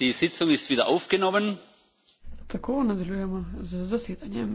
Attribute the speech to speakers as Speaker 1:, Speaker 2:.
Speaker 1: die sitzung ist wieder aufgenommen
Speaker 2: tako nadaljujemo z zasedanjem.